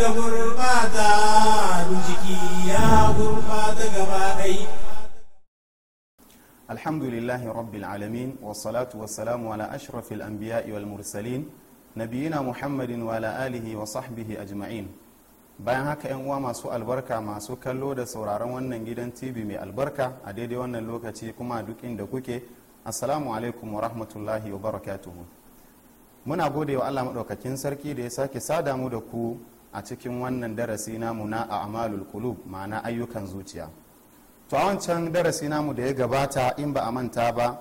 da gurbata jiki ya gurbata gaba ɗai alhamdulillahi rabbil alamin ala ashrafil anbiya'i wal mursalin nabiyina muhammadin wa ala alihi wa sahbihi ajma'in bayan haka yan uwa masu albarka masu kallo da sauraron wannan gidan tv mai albarka a daidai wannan lokaci kuma duk inda kuke assalamu alaikum wa rahmatullahi wa barakatuhu muna gode wa allah maɗaukakin sarki da ya sake sada mu da ku a cikin wannan darasi namu na a amalul kulub ma'ana ayyukan zuciya to a wancan darasi namu da ya gabata in ba a manta ba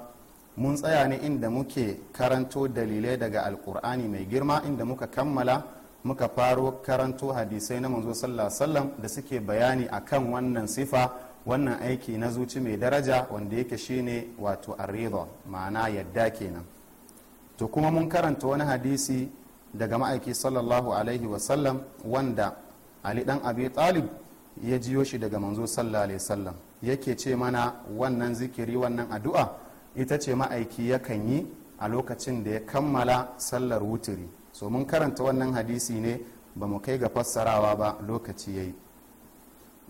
mun tsaya ne inda muke karanto dalilai daga alkur'ani mai girma inda muka kammala muka faro karanto hadisai na manzo sallam da suke bayani akan wannan sifa wannan aiki na zuci mai daraja wanda yake shine wato arriba ma'ana yadda kenan to kuma mun karanta wani hadisi daga ma'aiki sallallahu alaihi wasallam wanda ali dan abi talib ya jiyo shi daga manzo sallallahu alaihi wasallam yake ce mana wannan zikiri wannan addu'a ita ce ma'aiki yakan yi a lokacin da ya kammala sallar wuturi so mun karanta wannan hadisi ne ba mu kai ga fassarawa ba lokaci yayi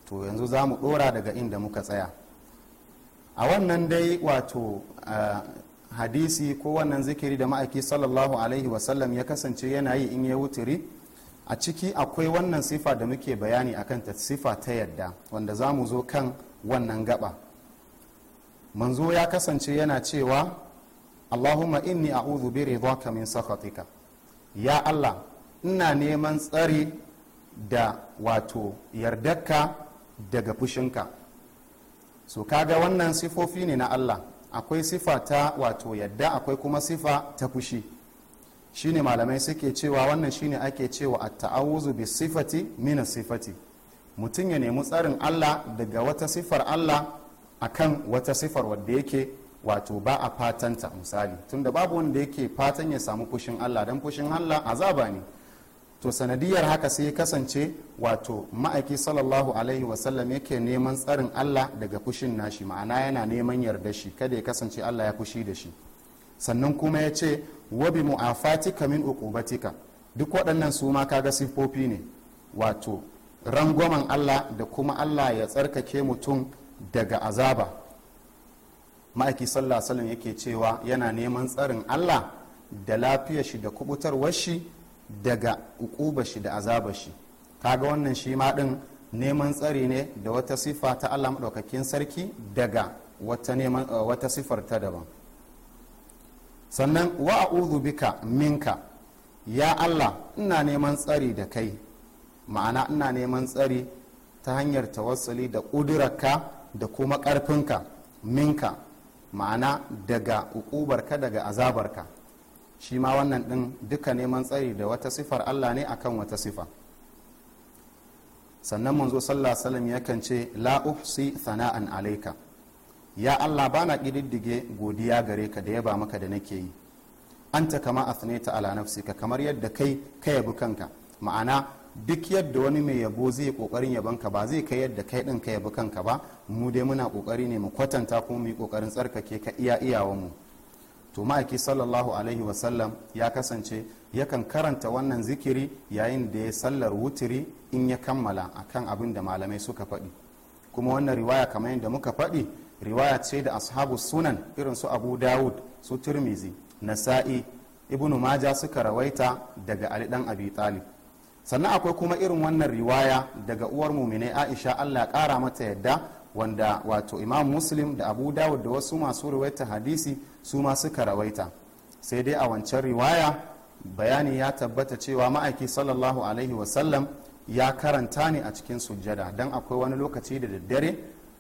to yanzu za mu dora daga inda muka tsaya a wannan dai wato eh, hadisi ko wannan zikiri da ma'aiki sallallahu alaihi wasallam ya kasance yana yi in ya wuturi a ciki akwai wannan sifa da muke bayani a kan sifa ta yadda wanda za mu zo kan wannan gaba manzo ya kasance yana cewa allahumma inni a'udhu bi ridwaka min sakhatika ya allah ina neman tsari da wato yardarka daga fushinka so kaga wannan sifofi ne na allah akwai sifa ta wato yadda akwai kuma sifa ta fushi shine malamai suke cewa wannan shine ake cewa a ta'awuzu bi sifati mina sifati mutum ya nemi tsarin allah daga wata sifar allah akan wata sifar wadda yake wato ba a fatanta misali tunda babu wanda yake fatan ya samu fushin allah don fushin allah azaba ne to sanadiyar haka sai ya kasance wato ma'aiki sallallahu alaihi wasallam yake neman tsarin allah daga fushin nashi ma'ana yana neman yarda shi kada ya kasance allah ya fushi da shi sannan kuma ya ce wabi mu'afatika min uqubatika duk waɗannan su ma kaga siffofi ne wato rangwamen allah da kuma allah ya tsarkake mutum daga azaba ma'aiki sallallahu alaihi wasallam yake cewa yana neman tsarin allah da lafiyar shi da kubutarwar shi daga ukuba shi da azaba shi kaga wannan shi ma din neman tsari ne da wata sifa ta Allah maɗaukakin sarki daga wata neman eh, wata sifar ta daban sannan wa a'udhu bika minka ya Allah ina neman tsari da kai ma'ana ina neman tsari ta hanyar tawassuli da ƙudurarka da kuma ƙarfinka minka ma'ana daga ukubarka daga azabarka shi ma wannan ɗin duka neman tsari da wata sifar allah ne akan wata sifa sannan manzo sallallahu alaihi wasallam yakan ce la uhsi thana'an alaika ya allah bana kididdige godiya gare ka da ba maka da nake yi anta kama athnayta ala nafsika kamar yadda kai ka yabi kanka ma'ana duk yadda wani mai yabo zai kokarin yaban ka ba zai kai yadda kai din ka yabi kanka ba mu dai muna kokari ne mu kwatanta kuma mu yi kokarin tsarkake ka iya iyawanmu mu to ma'aiki sallallahu alaihi wasallam ya kasance yakan karanta wannan zikiri yayin da ya sallar wutiri in ya kammala akan abin da malamai suka faɗi kuma wannan riwaya kamar yadda muka faɗi riwaya ce da ashabu sunan irin su abu dawud su turmizi nasa'i ibnu maja suka rawaita daga ali dan abi talib sannan akwai kuma irin wannan riwaya daga uwar mumine aisha allah ya kara mata yadda wanda wato imam muslim da abu dawud da wasu masu rawaita hadisi su ma suka rawaita sai dai a wancan riwaya bayani ya tabbata cewa ma'aiki sallallahu alaihi wasallam ya karanta ne a cikin sujjada don akwai wani lokaci da daddare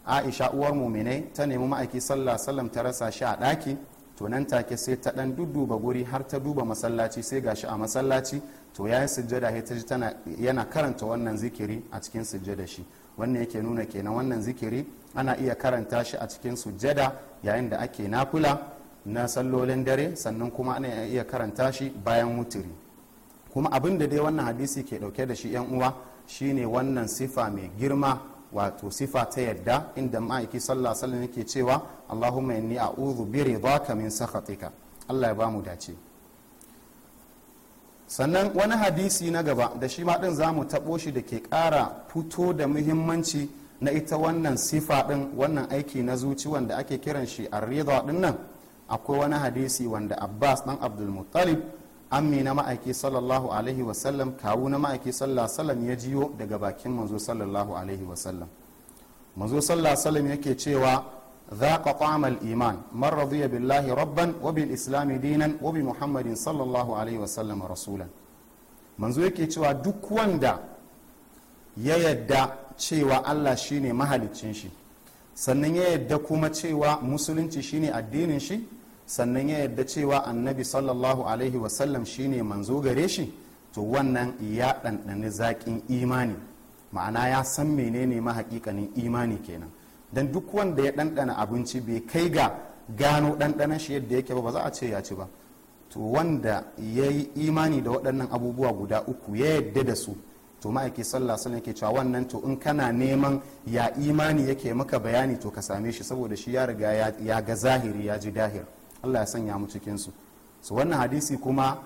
aisha uwar muminai ta nemi ma'aiki sallallahu alaihi wasallam ta rasa shi a ɗaki to nan take sai ta dan dudduba guri har ta duba masallaci sai gashi a masallaci to yayi sujjada ta ji yana karanta wannan zikiri a cikin sujjada shi wannan yake nuna kenan wannan zikiri ana iya karanta shi a cikin sujjada yayin da ake nafula na sallolin dare sannan kuma ana iya karanta shi bayan wuturi kuma abin da dai wannan hadisi ke dauke da shi yan uwa shine wannan sifa mai girma wato sifa ta yadda inda ma'aiki sallah sallan yake cewa allahumma inni a'udhu bi ridaka min sakhatika allah ya bamu dace sannan wani hadisi na gaba da shi ma din zamu tabo shi da ke ƙara fito da muhimmanci na ita wannan sifa din wannan aiki na zuci wanda ake kiran shi arrida din nan akwai wani hadisi wanda abbas dan Muttalib ammi na ma'aiki sallallahu alaihi wasallam kawu na ma'aiki sallallahu alaihi ya jiyo daga bakin manzo sallallahu alaihi wasallam manzo sallallahu alaihi yake cewa ذاق طعم الإيمان من رضي بالله ربا وبالإسلام دينا وبمحمد صلى الله عليه وسلم رسولا manzo yake cewa duk wanda ya yadda cewa Allah shine mahaliccin shi sannan ya yadda kuma cewa musulunci shine addinin shi sannan ya yadda cewa annabi sallallahu alaihi wasallam shine manzo gare shi to wannan ya ɗanɗani zaƙin imani ma'ana ya san menene mahakikanin imani kenan don duk wanda ya ɗanɗana abinci bai kai ga gano ɗanɗanan shi yadda yake ba ba za a ce ya ci ba to wanda ya yi imani da waɗannan abubuwa guda uku ya yadda da su to ma'aiki sallah sun yake cewa wannan to in kana neman ya imani yake maka bayani to ka same shi saboda shi ya riga ya ga zahiri ya ji dahir allah ya sanya mu cikin su so wannan hadisi kuma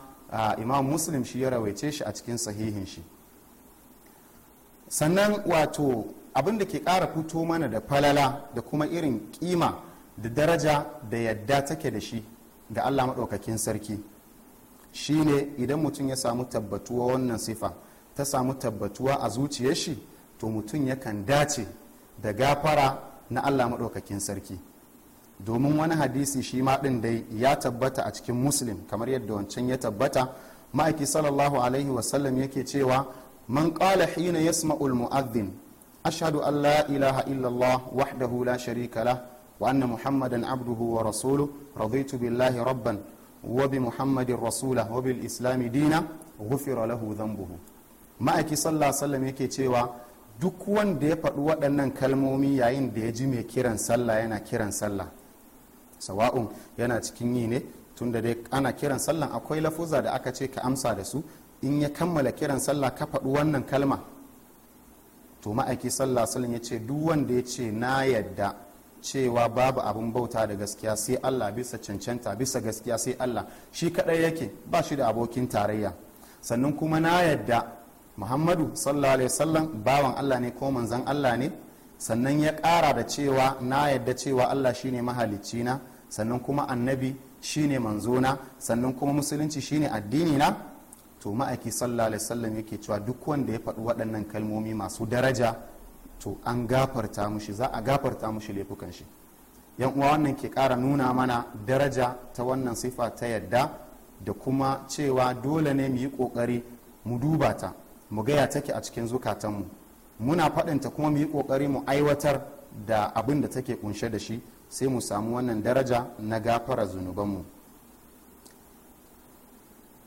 imam muslim shi ya rawaice shi a cikin sahihin shi sannan wato abin da ke kara fito mana da falala da kuma irin kima da daraja da yadda take da shi ga allah maɗaukakin sarki shine idan mutum ya samu tabbatuwa wannan sifa ta samu tabbatuwa a zuciyar shi to mutum yakan dace da gafara na allah maɗaukakin sarki domin wani hadisi shi ma ɗin dai ya tabbata a cikin muslim kamar yadda wancan ya tabbata ma'aiki sallallahu alaihi wasallam yake cewa man ƙala hina yasma'ul mu'adhdhin أشهد أن لا إله إلا الله وحده لا شريك له وأن محمدا عبده ورسوله رضيت بالله ربا وبمحمد رسوله وبالإسلام دينا غفر له ذنبه ما أكي صلى الله عليه وسلم يكي cewa duk wanda ya faɗi waɗannan kalmomi yayin da ya ji mai kiran sallah yana kiran sallah sawa'un yana cikin yi ne tunda dai ana kiran sallah akwai lafuza da aka ce ka amsa da su in ya kammala kiran sallah ka faɗi wannan kalma to ma'aiki sallah alaihi ya ce duk wanda ya ce na yadda cewa babu abin bauta da gaskiya sai Allah bisa cancanta bisa gaskiya sai Allah shi kadai yake ba shi da abokin tarayya sannan kuma na yadda Muhammadu sallallahu alaihi wasallam bawan Allah ne ko manzan Allah ne sannan ya kara da cewa na yadda cewa Allah shine mahalicci na sannan kuma annabi shine manzona sannan kuma musulunci shine addini na to ma'aiki sallallahu alaihi wasallam yake cewa duk wanda ya faɗi waɗannan kalmomi masu daraja to an gafarta mushi za a gafarta mushi laifukan shi yan uwa wannan ke ƙara nuna mana daraja ta wannan sifa ta yadda da kuma cewa dole ne mu yi ƙoƙari mu duba ta mu gaya take a cikin zukatan mu muna faɗinta kuma mu yi ƙoƙari mu aiwatar da abin da take kunshe da shi sai mu samu wannan daraja na gafara zunubanmu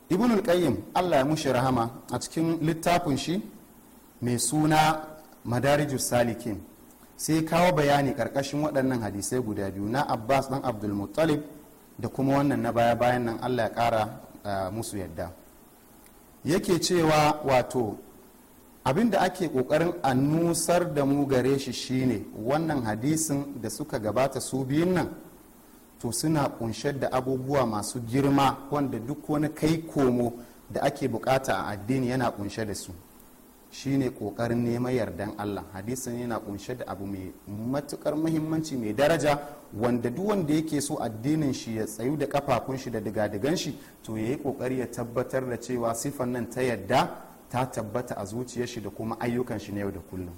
ibn al allah ya mushi rahama a cikin littafin shi mai suna madarijus salikin sai kawo bayani karkashin waɗannan hadisai guda biyu na abbas dan abdul muttalib da kuma wannan na baya bayan nan allah ya ƙara musu yadda yake cewa wato abin da ake kokarin a nusar da mu gare shi shine wannan hadisin da suka gabata su biyun nan to suna kunshe da abubuwa masu girma wanda duk wani kai komo da ake bukata a addini yana kunshe da su shine kokarin neman yardan Allah hadisin yana kunshe da abu mai matukar muhimmanci mai daraja wanda duk wanda yake so addinin shi ya tsayu da kafafun shi da digadigan shi to yayi kokari ya tabbatar da cewa sifan nan ta yadda ta tabbata a zuciyar shi da kuma ayyukan shi na yau da kullum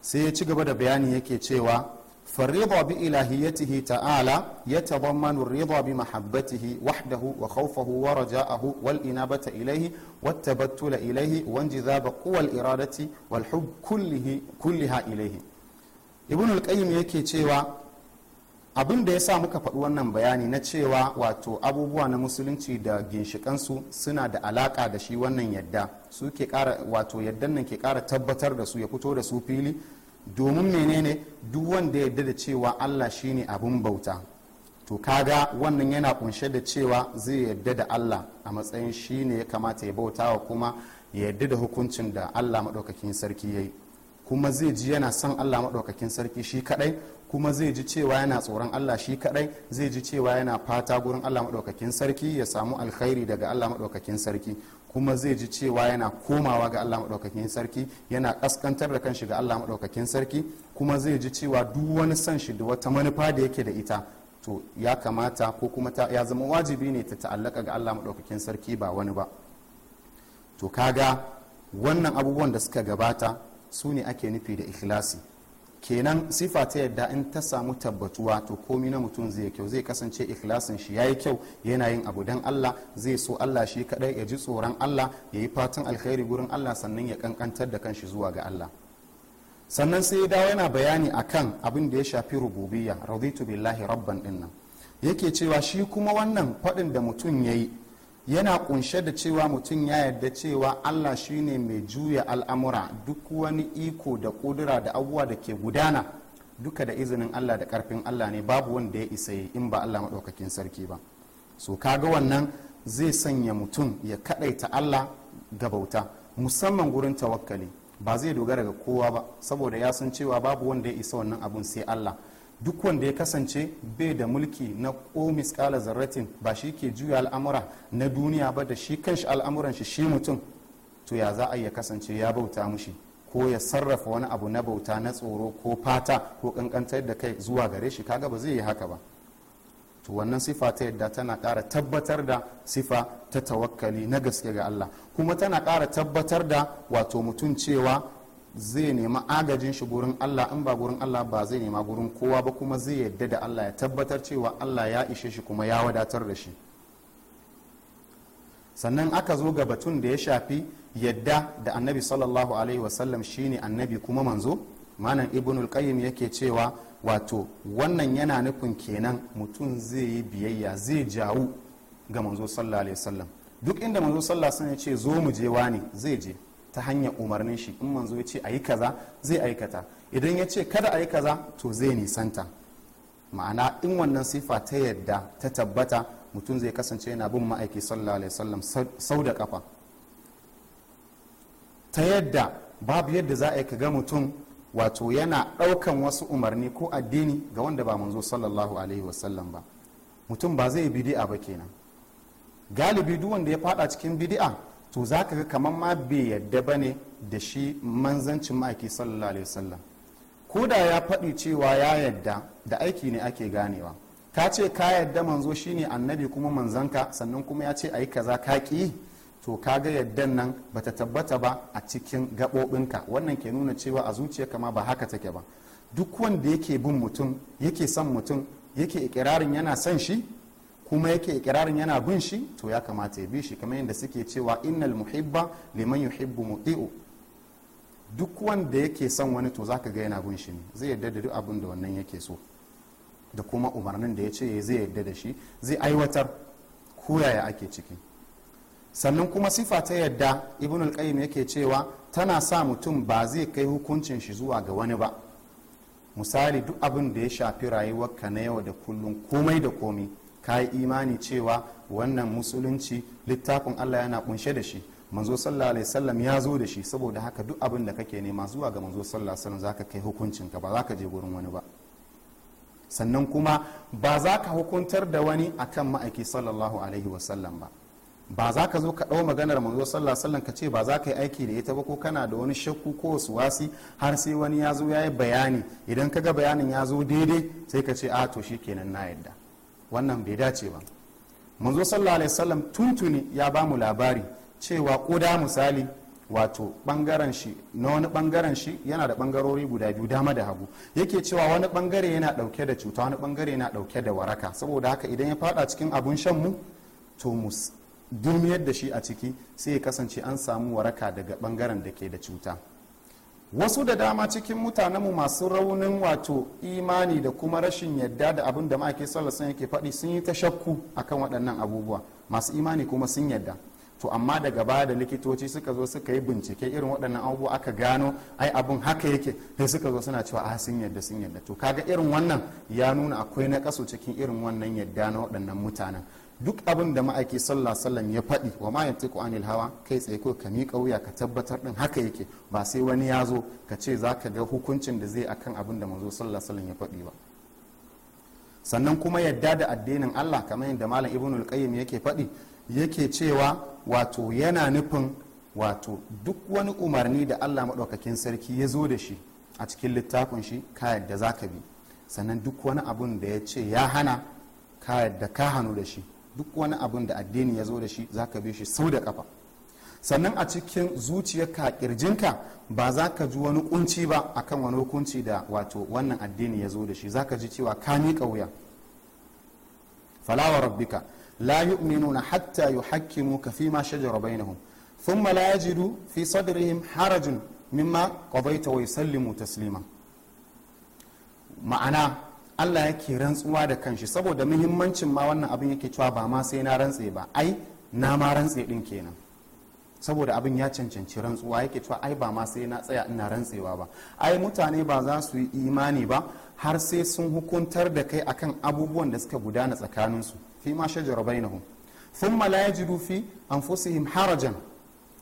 sai ya ci gaba da bayani yake cewa فالرضا بإلهيته تعالى يتضمن الرضا بمحبته وحده وخوفه ورجاءه والإنابة إليه والتبتل إليه وانجذاب قوى الإرادة والحب كله كلها إليه ابن القيم يكي yake cewa abin da ya sa muka faɗi wannan bayani na cewa wato abubuwa na musulunci da ginshikansu suna da alaƙa da shi wannan yadda su ke ƙara wato yaddan nan ke ƙara tabbatar da su ya fito da su fili domin menene duk wanda yadda da cewa allah shine abin bauta to kaga wannan yana kunshe da cewa zai yadda da allah a matsayin shine ya kamata ya bauta wa kuma ya yadda da hukuncin da allah maɗaukakin sarki ya yi kuma zai ji yana son allah maɗaukakin sarki shi kaɗai kuma zai ji cewa yana tsoron allah shi kaɗai zai ji cewa yana fata gurin allah maɗaukakin sarki ya samu alkhairi daga allah maɗaukakin sarki kuma zai ji cewa yana komawa ga Allah maɗaukakin sarki yana ƙaskantar da kanshi ga Allah maɗaukakin sarki kuma zai ji cewa duk wani san shi da wata manufa da yake da ita to ya kamata ko kuma ya zama wajibi ne ta ta'allaka ga Allah maɗaukakin sarki ba wani ba to kaga wannan abubuwan da suka gabata su ne ake nufi da ikhlasi kenan sifa ta yadda in ta samu tabbatuwa to komi na mutum zai kyau zai kasance ikhlasin shi yi kyau yana yin abu dan Allah zai so Allah shi kadai ya ji tsoron Allah ya yi fatan alkhairi gurin Allah sannan ya kankantar da kanshi zuwa ga Allah sannan sai ya dawo yana bayani a kan abin da ya shafi rububiyya raditu billahi rabban dinnan yake cewa shi kuma wannan faɗin da mutum ya yi. yana kunshe da cewa mutum ya yarda cewa allah shine mai juya al'amura duk wani iko da kudura da abubuwa da ke gudana duka da izinin allah da karfin allah ne babu wanda ya isa yi in ba allah maɗaukakin sarki ba so kaga wannan zai sanya mutum ya kaɗaita allah ga bauta musamman gurin tawakkali ba zai dogara ga kowa ba saboda ya san cewa babu wanda ya isa wannan abun sai allah duk wanda ya kasance bai da mulki na ko kala zarratin ba shi ke juya al'amura na duniya ba da shi kanshi al'amuran shi shi mutum to ya za a iya kasance ya bauta mushi ko ya sarrafa wani abu na bauta na tsoro ko fata ko kankantar da kai zuwa gare shi kaga ba zai yi haka ba to wannan sifa ta yadda tana ƙara tabbatar da sifa ta tawakkali na gaske ga Allah kuma tana ƙara tabbatar da wato mutum cewa zai nema agajin shi gurin Allah in ba gurin Allah ba zai nema gurin kowa ba kuma zai yadda da Allah ya tabbatar cewa Allah ya ishe shi kuma ya wadatar da shi sannan aka zo ga batun da ya shafi yadda da annabi sallallahu alaihi wasallam shine annabi kuma manzo manan ibnul qayyim yake cewa wato wannan yana nufin kenan mutum zai yi biyayya zai jawo ga manzo sallallahu alaihi wasallam duk inda manzo sallallahu alaihi wasallam ya ce zo mu je wani zai je ta hanyar umarnin shi in manzo ya ce ayi kaza zai aikata idan ya ce kada a yi kaza to zai nisanta ma'ana in wannan sifa ta yadda ta tabbata mutum zai kasance yana bin ma'aiki sallallahu alaihi wasallam sau da kafa ta yadda babu yadda za a yi ga mutum wato yana ɗaukan wasu umarni ko addini ga wanda ba manzo sallallahu alaihi wasallam ba mutum ba zai bidi'a ba kenan galibi duk wanda ya fada cikin bidi'a to za ka ga kamar ma bai yadda ba ne da shi manzancin ma'aiki sallallahu alaihi wasallam ko da ya faɗi cewa ya yadda da aiki ne ake ganewa ka ce ka yadda manzo shine annabi kuma manzanka sannan kuma ya ce a yi kaza ka ƙi to ka ga yaddan nan ba ta tabbata ba a cikin gaɓoɓinka wannan ke nuna cewa a zuciyarka kama ba haka take ba duk wanda yake bin mutum yake son mutum yake ikirarin yana son shi kuma yake ikirarin yana bin shi to ya kamata ya bi shi kamar yadda suke cewa innal muhibba liman yuhibbu muti'u duk wanda yake son wani to zaka ga yana bin shi ne zai yarda da duk abin da wannan yake so da kuma umarnin da ya ce zai yarda da shi zai aiwatar ko yaya ake ciki sannan kuma sifa ta yadda ibn al-qayyim yake cewa tana sa mutum ba zai kai hukuncin shi zuwa ga wani ba misali duk abin da ya shafi ka na yau da kullum komai da komai ka yi imani cewa wannan musulunci littafin allah yana kunshe da shi manzo sallallahu alaihi wasallam ya zo da shi saboda haka duk abin da kake nema zuwa ga manzo sallallahu alaihi wasallam zaka kai hukuncinka ba zaka je gurin wani ba sannan kuma ba za ka hukuntar da wani akan ma'aiki sallallahu alaihi wasallam ba ba za ka zo ka ɗau maganar manzo sallallahu alaihi wasallam ka ce ba za ka yi aiki da ita ba ko kana da wani shakku ko wasi har sai wani ya zo ya yi bayani idan ka ga bayanin ya zo daidai sai ka ce a ah, to shikenan na yadda wannan bai dace ba manzo sallallahu alaihi wasallam tuntuni ya ba mu labari cewa koda misali wato bangaren shi na wani bangaren shi yana da bangarori guda biyu dama da hagu yake cewa wani bangare yana dauke da cuta wani bangare yana dauke da waraka saboda haka idan ya fada cikin abun shan mu to mu dumiyar da shi a ciki sai ya kasance an samu waraka daga bangaren da ke da cuta wasu da dama cikin mutanenmu masu raunin wato imani da kuma rashin yadda da abin da ma'aike sallasan yake faɗi sun yi ta shakku akan waɗannan abubuwa masu imani kuma sun yadda to amma daga baya da likitoci suka zo suka yi bincike irin waɗannan abubuwa aka gano ai abin haka yake sai suka zo suna cewa a ah, sun yadda sun yadda to kaga irin wannan ya nuna akwai na kaso cikin irin wannan yadda na waɗannan mutanen duk abin da ma'aiki alaihi wasallam ya faɗi wa ma yantiqu anil hawa kai tsaye ko ka miƙa wuya ka tabbatar din haka yake ba sai wani ya zo ka ce zaka ga hukuncin da zai akan abin da manzo alaihi wasallam ya faɗi ba sannan kuma yadda da addinin Allah kamar yadda malam ibnul qayyim yake faɗi yake cewa wato yana nufin wato duk wani umarni da Allah madaukakin sarki ya zo da shi a cikin littafin shi ka yadda zaka bi sannan duk wani abun da ya ce ya hana ka yadda ka hanu da shi duk wani abin da addini ya zo da shi za ka bi shi sau da kafa sannan a cikin zuciyarka kirjinka ba za ka ji wani kunci ba akan wani hukunci da wato wannan addini ya zo da shi za ka ji cewa ka miƙa wuya falawa rabbika la na hatta yuhakkimuka fima shajara bainahum thumma la yajidu fi sadrihim harajun mimma qadaita wa yusallimu taslima ma'ana Allah yake rantsuwa da kanshi saboda muhimmancin ma wannan abin yake cewa ba ma sai na rantse ba ai na ma rantse din kenan saboda abin ya cancanci rantsuwa yake cewa ai ba ma sai na tsaya ina rantsewa ba ai mutane ba za su yi imani ba har sai sun hukuntar da kai akan abubuwan da suka gudana tsakaninsu fi ma shajara bainahum thumma la yajidu fi anfusihim harajan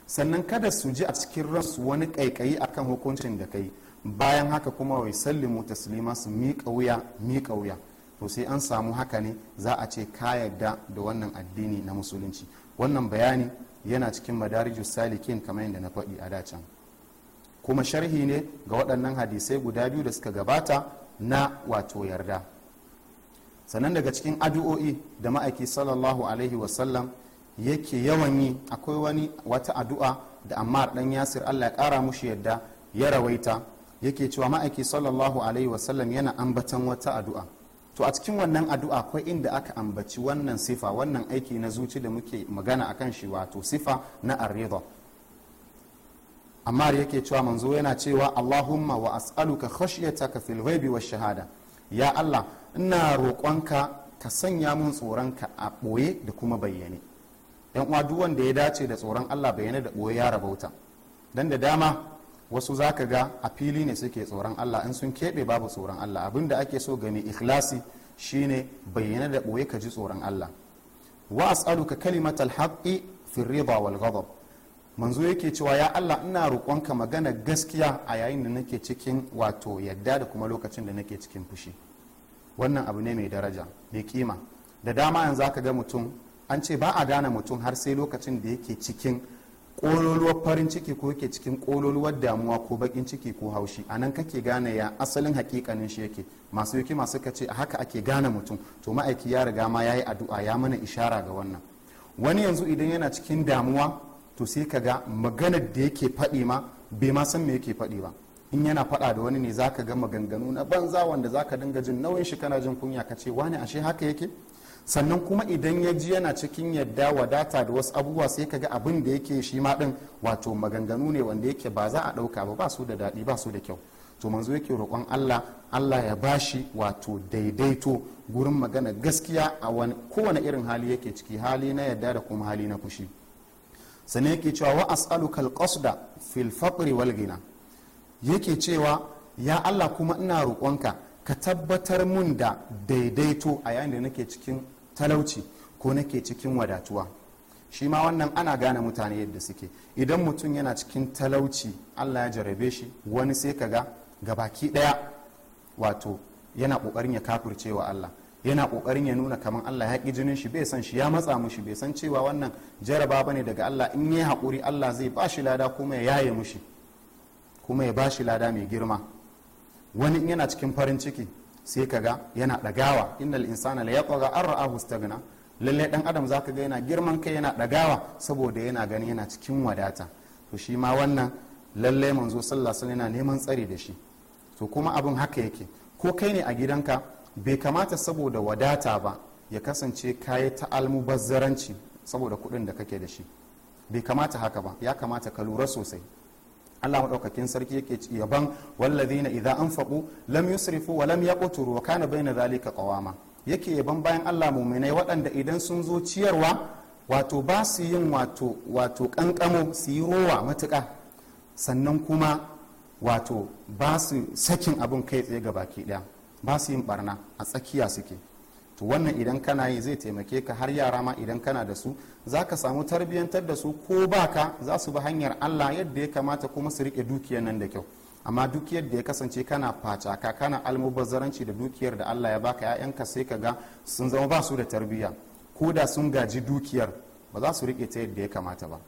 sannan kada su ji a cikin ransu wani kaikayi akan hukuncin da kai bayan haka kuma wai sallimu taslima su miƙa wuya miƙa wuya to sai an samu haka ne za a ce ka yarda da wannan addini na musulunci wannan bayani yana cikin madariju salikin kamar yadda na faɗi a dacan kuma sharhi ne ga waɗannan hadisai guda biyu da suka gabata na wato yarda sannan daga cikin addu'o'i da ma'aiki sallallahu alaihi wasallam yake yawan yi akwai wani wata addu'a da ammar ɗan yasir allah ya ƙara mushi yadda ya rawaita yake cewa ma'aiki sallallahu alaihi wasallam yana ambatan wata addu'a to a cikin wannan addu'a akwai inda aka ambaci wannan sifa wannan aiki na zuci da muke magana akan shi wato sifa na arrida amma yake cewa manzo yana cewa allahumma wa as'aluka khashyataka fil ghaibi wash shahada ya allah ina roƙonka ka sanya mun tsoronka a ɓoye da kuma bayyane yan uwa duk wanda ya dace da tsoron allah bayyane da boye ya rabauta dan da dama wasu za ka ga a fili ne suke tsoron allah in sun keɓe babu tsoron allah abin da ake so ga mai ikhlasi shine bayyana da ɓoye ka ji tsoron allah wa as'aluka kalimat alhaqi fi rida wal ghadab manzo yake cewa ya allah ina roƙonka magana gaskiya a yayin da nake cikin wato yadda da kuma lokacin da nake cikin fushi wannan abu ne mai daraja mai kima da dama yanzu ka ga mutum an ce ba a gane mutum har sai lokacin da yake cikin ƙololuwar farin ciki ko yake cikin ƙololuwar damuwa ko bakin ciki ko haushi a nan kake gane ya asalin hakikanin shi yake masu yake masu kace a haka ake gane mutum to ma'aiki ya riga ma ya yi addu'a ya mana ishara ga wannan wani yanzu idan yana cikin damuwa to sai ka ga maganar da yake faɗi ma bai ma san me yake faɗi ba in yana faɗa da wani ne zaka ga maganganu na banza wanda zaka dinga jin nauyin shi kana jin kunya kace wani ashe haka yake sannan kuma idan ya ji yana cikin yadda wadata da wasu abubuwa sai ka ga abin da yake shi ma din wato maganganu ne wanda yake ba za a ɗauka ba ba su da daɗi ba su da kyau to manzo yake roƙon Allah Allah ya bashi wato daidaito gurin magana gaskiya a kowane irin hali yake ciki hali na yadda da kuma hali na fushi sannan yake cewa wa as'aluka al-qasda fil faqri wal ghina yake cewa ya Allah kuma ina roƙonka ka tabbatar mun da daidaito a yayin da nake cikin talauci ko nake cikin wadatuwa shi ma wannan ana gane mutane yadda suke idan mutum yana cikin talauci allah ya jarabe shi wani sai ka ga gabaki daya wato yana kokarin ya kafirce wa allah yana kokarin ya nuna kamar allah ya ƙi jinin shi bai san shi ya matsa mushi bai san cewa wannan jaraba bane daga allah in yi haƙuri allah zai ba shi lada kuma ya yaye mushi kuma ya ba shi lada mai girma wani yana cikin farin ciki sai ka ga yana dagawa innal insana la yatgha an ra'ahu lallai lalle dan adam zaka ga yana girman kai yana dagawa saboda yana gani yana cikin wadata to shi ma wannan lalle manzo sallallahu alaihi yana neman tsari da shi to kuma abin haka yake ko kai ne a gidanka bai kamata saboda wadata ba ya kasance kayi ta almubazzaranci saboda kuɗin da kake da shi bai kamata haka ba ya kamata ka lura sosai Allah madaukakin sarki yake ci yaban wallazina idza anfaqu lam yusrifu wa lam yaqturu wa kana baina zalika qawama yake yaban bayan Allah mu'minai waɗanda idan sun zo ciyarwa wato ba su yin wato wato kankamo su yi rowa matuƙa sannan kuma wato ba su sakin abin kai tsaye ga baki ɗaya ba su yin barna a tsakiya suke to wannan idan kana yi zai taimake ka har yara ma idan kana da su za ka samu tarbiyyantar da su ko baka za su bi hanyar allah yadda ya kamata kuma su riƙe dukiyar nan da kyau amma duk yadda ya kasance kana faca ka kana almubazzaranci da dukiyar da allah ya baka 'ya'yanka sai ka ga sun zama ba su da tarbiyya ko da sun gaji dukiyar ba za su riƙe ta yadda ya kamata ba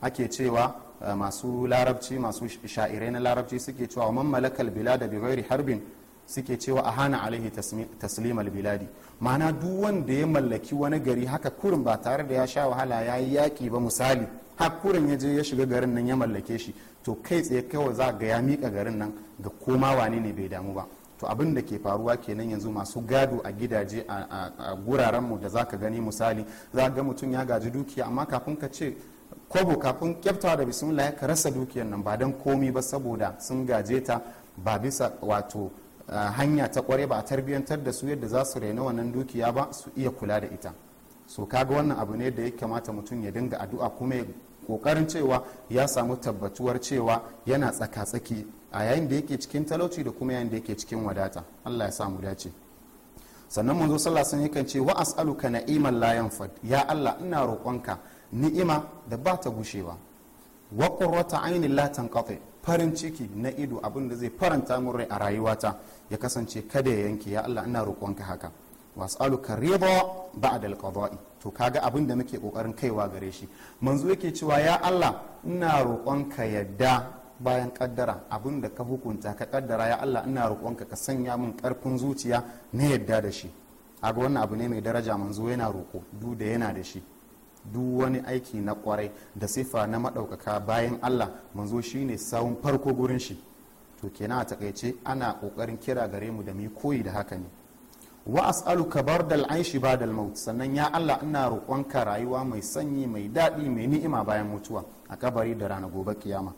ake cewa eh, masu larabci masu sha'irai na larabci suke cewa man malakal bila da bighairi harbin suke cewa a hana alaihi taslim biladi ma'ana duk wanda ya mallaki wani gari haka kurin ba tare da ya sha wahala ya yi yaƙi ba misali har kurin ya je ya shiga garin nan ya mallake shi to kai tsaye kawai za ga ya miƙa garin nan ga koma wane ne bai damu ba to abin da ke faruwa kenan yanzu masu gado a gidaje a gurarenmu da zaka gani misali za ga mutum ya gaji dukiya amma kafin ka ce kobo kafin kyaftawa da bismillah ka rasa dukiyar nan ba don komi ba saboda sun gaje ta ba bisa wato hanya ta kware ba a tarbiyyantar da su yadda za su raina wannan dukiya ba su iya kula da ita so kaga wannan abu ne da ya kamata mutum ya dinga addu'a kuma ya kokarin cewa ya samu tabbatuwar cewa yana tsaka-tsaki a yayin da yake cikin talauci da kuma yayin da yake cikin wadata allah ya samu dace sannan manzo sallah sun yakan ce wa as'aluka na'iman la yanfad ya allah ina roƙonka ni'ima da ba ta gushewa wa qurrata ainin la tanqati farin ciki na ido abin da zai faranta min rai a rayuwata ya kasance kada ya yanke ya Allah ina roƙonka haka was'aluka riba a da qadai to kaga abin da muke kokarin kaiwa gare shi manzo yake cewa ya Allah ina roƙonka yadda bayan kaddara abin da ka hukunta ka kaddara ya Allah ina roƙonka ka sanya min karfin zuciya na yadda da shi aga wannan abu ne mai daraja manzo yana roƙo duk da yana da shi duk wani aiki na kwarai da sifa na maɗaukaka bayan allah manzo ne sawun farko gurin shi to kenan a takaice ana ƙoƙarin kira gare mu da mu koyi da haka ne wa as'alu kabar dal aishi ba dal maut sannan ya allah ina roƙonka rayuwa mai sanyi mai daɗi mai ni'ima bayan mutuwa a kabari da rana gobe kiyama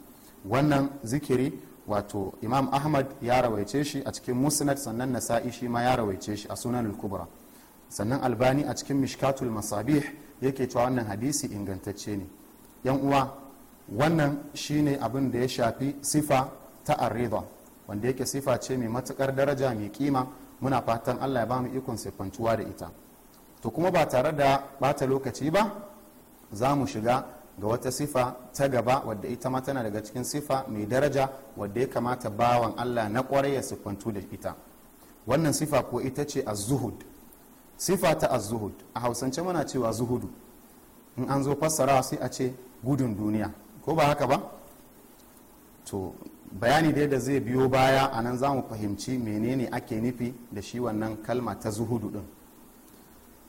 wannan zikiri wato imam ahmad ya rawaice shi a cikin musnad sannan nasa'i shi ma ya rawaice shi a sunan al-kubra sannan albani a cikin mishkatul masabih yake cewa wannan hadisi ingantacce ne yan uwa wannan shine abin da ya shafi sifa ta arriba wanda yake sifa ce mai matukar daraja mai kima muna fatan allah ya ba mu ikon siffantuwa da ita to kuma ba tare da bata lokaci ba za mu shiga ga wata sifa ta gaba wadda ita ma tana daga cikin sifa mai daraja wadda ya kamata bawan allah na kwarai ya siffantu da ita wannan sifa ko ita ce az-zuhud sifa ta az a hausance muna cewa zuhudu in an zo fassara sai a ce gudun duniya ko ba haka ba to bayani dai da zai biyo baya a nan za mu fahimci menene ake nufi da shi wannan kalma ta zuhudu din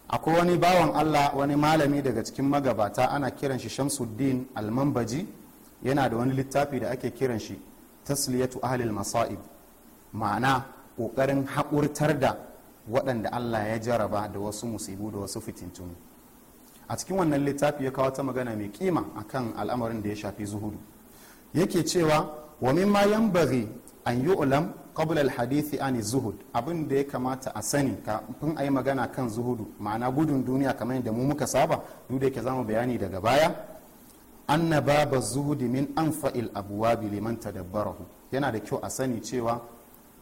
akwai wani bawan allah wani malami daga cikin magabata ana kiran shi shamsuddin almambaji yana da wani littafi da ake kiran shi tasliyatu ahlil masa'ib ma'ana ƙoƙarin haƙurtar da waɗanda allah ya jaraba da wasu musibu da wasu fitintunu a cikin wannan littafi ya kawo ta magana mai kima akan al'amarin da ya shafi zuhudu yake cewa wa mimma yanbaghi an yu'lam qabla al-hadithi an zuhud abin da ya kamata a sani kafin a yi magana kan zuhudu ma'ana gudun duniya kamar yadda mu muka saba duk da yake zamu bayani daga baya anna baba zuhudi min anfa'il abwabi liman tadabbarahu yana da kyau a sani cewa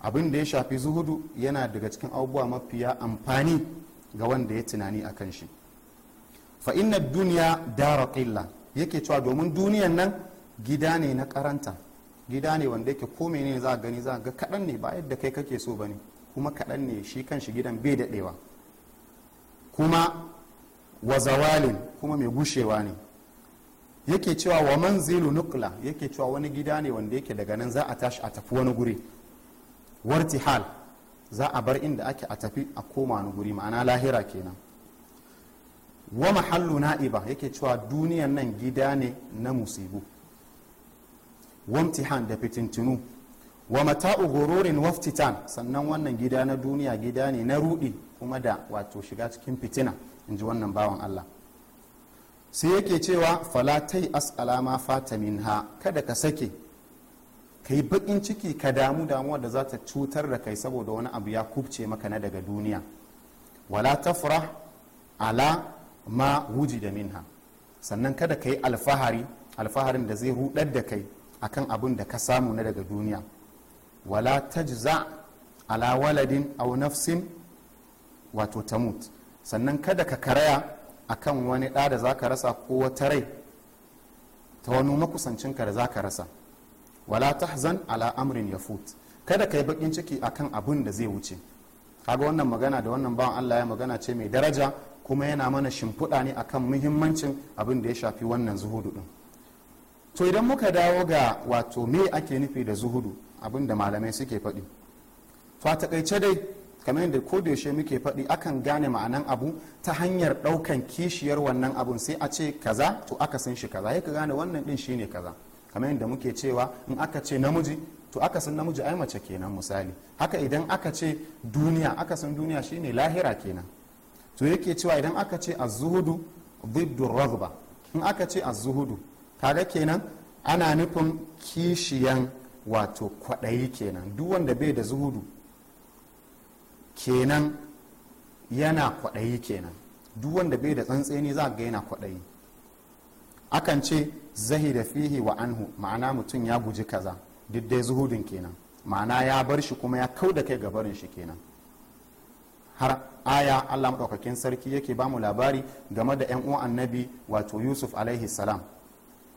abin da ya shafi zuhudu yana daga cikin abubuwa mafiya amfani ga wanda ya tunani a kan shi fa inna duniya dara qilla yake cewa domin duniyan nan gida ne na karanta gida ne wanda yake ko ne za a gani za a ga kaɗan ne ba yadda kai kake so bane kuma kaɗan ne shi kan shi gidan bai daɗewa kuma wa zawalin kuma mai gushewa ne yake cewa wa manzilu nukla yake cewa wani gida ne wanda yake daga nan za a tashi a tafi wani guri wartihal za a bar inda ake a tafi a koma wani guri ma'ana lahira kenan wa mahallu na'iba yake cewa duniyan nan gida ne na musibu wamtihan da fitintinu wa mata'u gororin waftitan sannan wannan gida na duniya gida ne na rudi kuma da wato shiga cikin fitina in ji wannan bawan allah sai yake cewa falatai as alama fata minha kada ka sake ka yi baƙin ciki ka damu damuwa da za ta cutar da kai saboda wani abu ya kubce maka na daga duniya wala ta fura ala ma wuji da minha sannan kada ka yi alfahari alfaharin da zai rudar da kai akan abin da ka samu na daga duniya wala ta tajza ala waladin aw nafsin wato tamut sannan kada ka karaya akan wani ɗa da za ka rasa ko wata rai ta wani makusancinka da za ka rasa wala tahzan ala amrin ya fut, kada ka yi bakin ciki akan abin da zai wuce kaga wannan magana da wannan bawan Allah ya magana ce mai daraja kuma yana mana shimfiɗa ne akan muhimmancin abin da ya shafi wannan zuhudu din to idan muka dawo ga wato me ake nufi da zuhudu abin da malamai suke faɗi to a taƙaice dai kamar yadda ko da yaushe muke faɗi akan gane ma'anan abu ta hanyar ɗaukan kishiyar wannan abun sai a ce kaza to aka san shi kaza ya ka gane wannan ɗin shine kaza kamar yadda muke cewa in aka ce namiji to aka san namiji ai mace kenan misali haka idan aka ce duniya aka san duniya shine lahira kenan to yake cewa idan aka ce az-zuhudu ragba in aka ce az kaga kenan ana nufin kishiyan wato kwaɗayi kenan duk wanda bai da zuhudu kenan yana kwaɗayi kenan duk wanda bai da tsantseni za ga yana kwaɗayi akan ce zahida fihi wa anhu ma'ana mutum ya guji kaza duk dai zuhudin kenan ma'ana ya bar shi kuma ya kau da kai ga barin shi kenan har aya allah maɗaukakin sarki yake bamu labari game da yan uwan annabi wato yusuf alaihi salam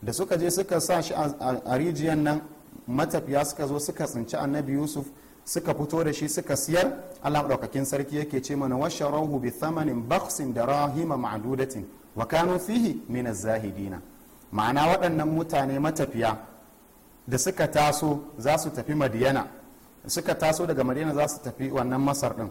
da suka je suka sa shi a rijiyar nan matafiya suka zo suka tsinci annabi yusuf suka fito da shi suka siyar allah maɗaukakin sarki yake ce mana rahu bi thamanin baksin da rahima ma'adudatin wa kanu fihi min zahidina ma'ana waɗannan mutane matafiya da suka taso za su tafi madiyana suka taso daga madiyana za su tafi wannan masar din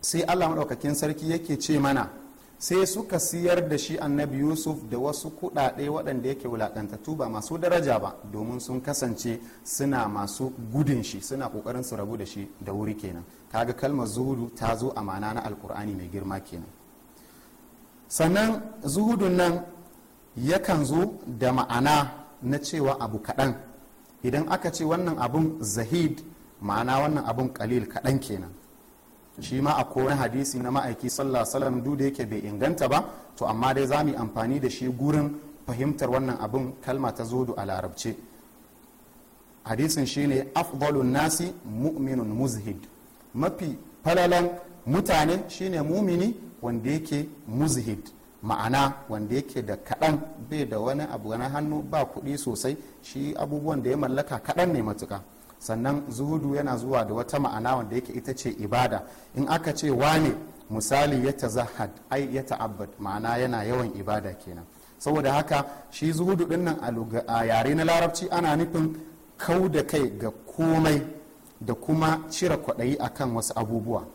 sai allah maɗaukakin sarki yake ce mana sai suka siyar da shi annabi yusuf da wasu kuɗaɗe waɗanda yake wulaƙantattu ba masu daraja ba domin sun kasance suna masu gudun shi suna ƙoƙarin su rabu da shi da wuri kenan kaga kalmar zuhudu ta zo a ma'ana na alkur'ani mai girma kenan sannan zuhudun nan yakan zo da ma'ana na cewa abu kaɗan idan aka ce wannan abun zahid ma'ana wannan abun kalil kaɗan kenan shi ma a hadisi na ma'aiki sallasalam duk da yake bai inganta ba to amma dai za mu amfani da shi gurin fahimtar wannan abun kalma ta zudu a larabce hadisin ne afdalun nasi mu'minun muzhid mafi falalan mutane shine mumini wanda yake muzhid ma'ana wanda yake da kaɗan bai da wani abu na hannu ba kuɗi sosai shi abubuwan da ya mallaka kaɗan ne matuka sannan zuhudu yana zuwa da wata ma'ana wanda yake ita ce ibada in aka ce wane misali ya tazahad ai ya ta'abbad ma'ana yana yawan ibada kenan saboda haka shi zuhudu din nan a yare na larabci ana nufin kau da kai ga komai da kuma cire kwaɗayi akan wasu abubuwa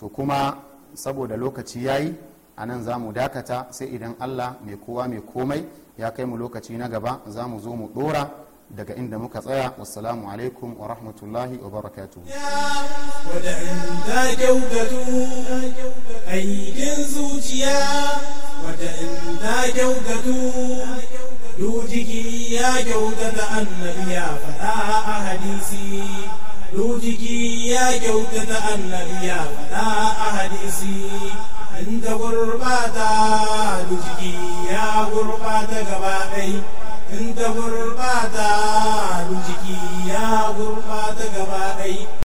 to kuma saboda lokaci ya yi a nan za mu dakata sai idan allah mai kowa mai komai ya kai mu lokaci na gaba za mu zo mu dora daga inda muka tsaya wassalamu alaikum wa rahmatullahi wa barakatu dujiki ya kyautata annabi ya faɗa a hadisi lujiki ya kyautata annabi ya na a hadisi in ta gurbata lujiki ya gurbata gaba ɗai in ta gurbata ya gurbata gaba ɗai